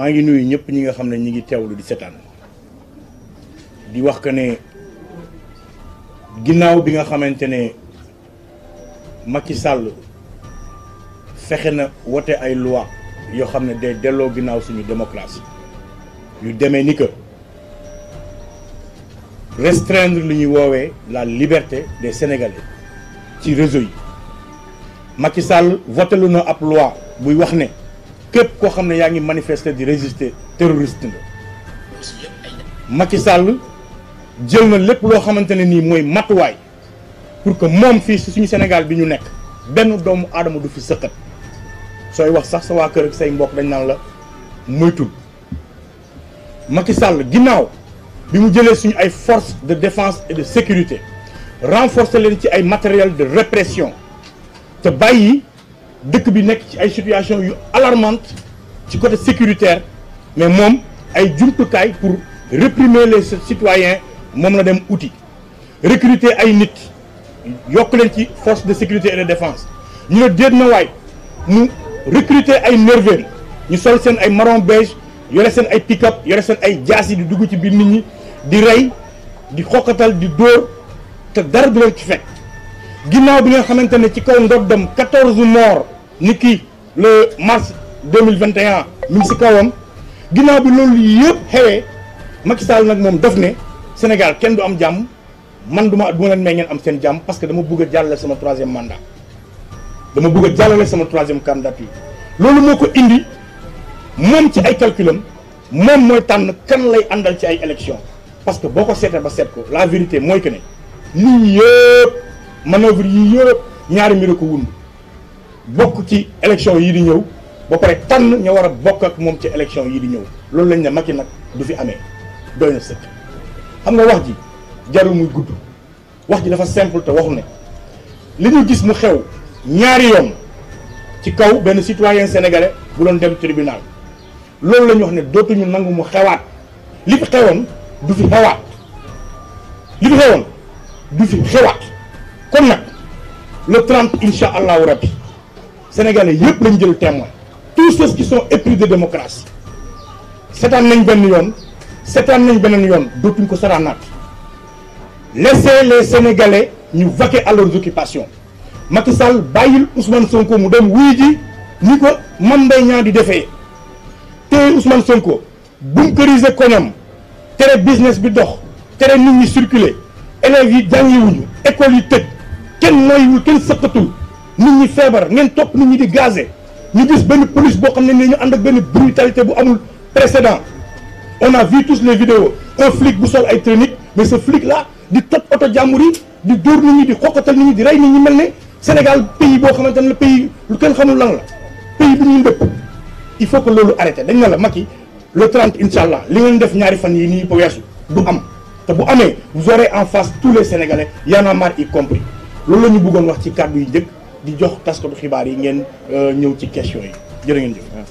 maa ngi nuyu ñëpp ñi nga xam ne ñi ngi teewlu di setaan di wax que ne ginnaaw bi nga xamante ne Macky Sall fexe na wote ay loi yoo xam ne day delloo ginnaaw suñu démocratie yu demee ni que restreindre li ñuy woowee la liberté des Sénégalais ci réseau yi Macky Sall voté lu na ab loi buy wax ne képp koo xam ne yaa ngi manifester di résister terroriste nga Macky Sall jël na lépp loo xamante ne nii mooy matuwaay pour que moom fii si suñu Sénégal bi ñu nekk benn doomu aadama du fi sëqat sooy wax sax sa waa kër ak say mbokk dañ naan la moytul Macky Sall ginnaaw bi mu jëlee suñu ay forces de défense et de sécurité renforcer leen ci ay matériel de répression te bàyyi dëkk bi nekk ci ay situation yu alarmante ci côté sécuritaire mais moom ay jumtukaay pour réprimer les citoyens moom la dem outil recruter ay nit yokk leen ci force de sécurité et de défense ñu ne déet na waay mu recruter ay nerveux ñu sol seen ay marron beige yore seen ay pick-up yore seen ay jaas yi di dugg ci biir nit ñi di rey di xoqatal di dóor te dara du leen ci fekk ginnaaw bi nga xamante ne ci kaw ndoddam quatorze morts ni ki le mars deux mille vingt et si kawam ginnaaw bi loolu yëpp xewee Macky nag moom def ne Sénégal kenn du am jàmm man du ma du ma leen may ngeen am seen jàmm parce que dama bëgg a jàllale sama troisième mandat dama bugg jàllale sama troisième candidature loolu moo ko indi moom ci ay calculam moom mooy tànn kan lay àndal ci ay élection parce que boo ko seetee ba seet ko la vérité mooy que ne lii yëpp. manœuvre yi yëpp ñaari mbir ko wund bokk ci élection yi di ñëw ba pare tànn ñu war a bokk ak moom ci élection yi di ñëw loolu lañu ne Macky nag du fi amee doy na sëkk xam nga wax ji jarul muy gudd wax ji dafa simple te waxu ne li ñu gis mu xew ñaari yoon ci kaw benn citoyen sénégalais bu doon dem tribunal loolu la wax ne dootuñu nangu mu xewaat li fi xewoon du fi xewaat li fi xewoon du fi xewaat le 30 incha allahu rabbi sénégalais yëpp lañ jël témoin tous ceux qui sont épris de démocratie seetaan nañ benn yoon seetaan nañ benn yoon dootuñ ko saraanaat laissez les sénégalais ñu vaquer à leurs occupations Macky Sall bàyyil Ousmane Sonko mu dem wuy ji ni ko Mame Mbaye Niang di defee téye Ousmane Sonko bunkeriser koñam tere business bi dox tere nit ñi circuler élèves yi jàngiwuñu école yi tëj mooy ñu kenn sëqatul nit ñi feebar ngeen topp nit ñi di gazé ñu gis benn police boo xam ne ni ñu ànd benn brutalité bu amul précédent on a vu tous les vidéos un flic bu sol ay tunique mais ce flic là di toj oto jàmbur yi di dóor nit ñi di xokkatal nit ñi di rey nit ñi mel ne Sénégal pays boo xamante ne la pays lu kenn xamul lan la pays bu ñu ndëpp il faut que loolu arrêté dañ ne la Macky le 30 incha allah li ngeen def ñaari fan yi nii ba weesu du am te bu amee vous aurez en face tous les Sénégalais y a marre loolu la ñu bëggoon wax ci kàddu yi njëkk di jox taskatu xibaar yi ngeen euh, ñëw ci question yi jërë ngeen jëf.